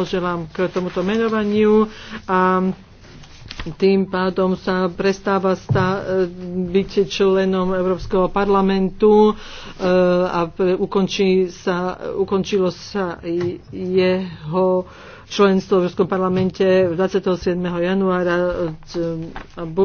poželám k tomuto menovaniu a tým pádom sa prestáva sta- eh, byť členom Európskeho parlamentu eh, a ukončí sa, ukončilo sa jeho členstvo v Európskom parlamente 27. januára eh,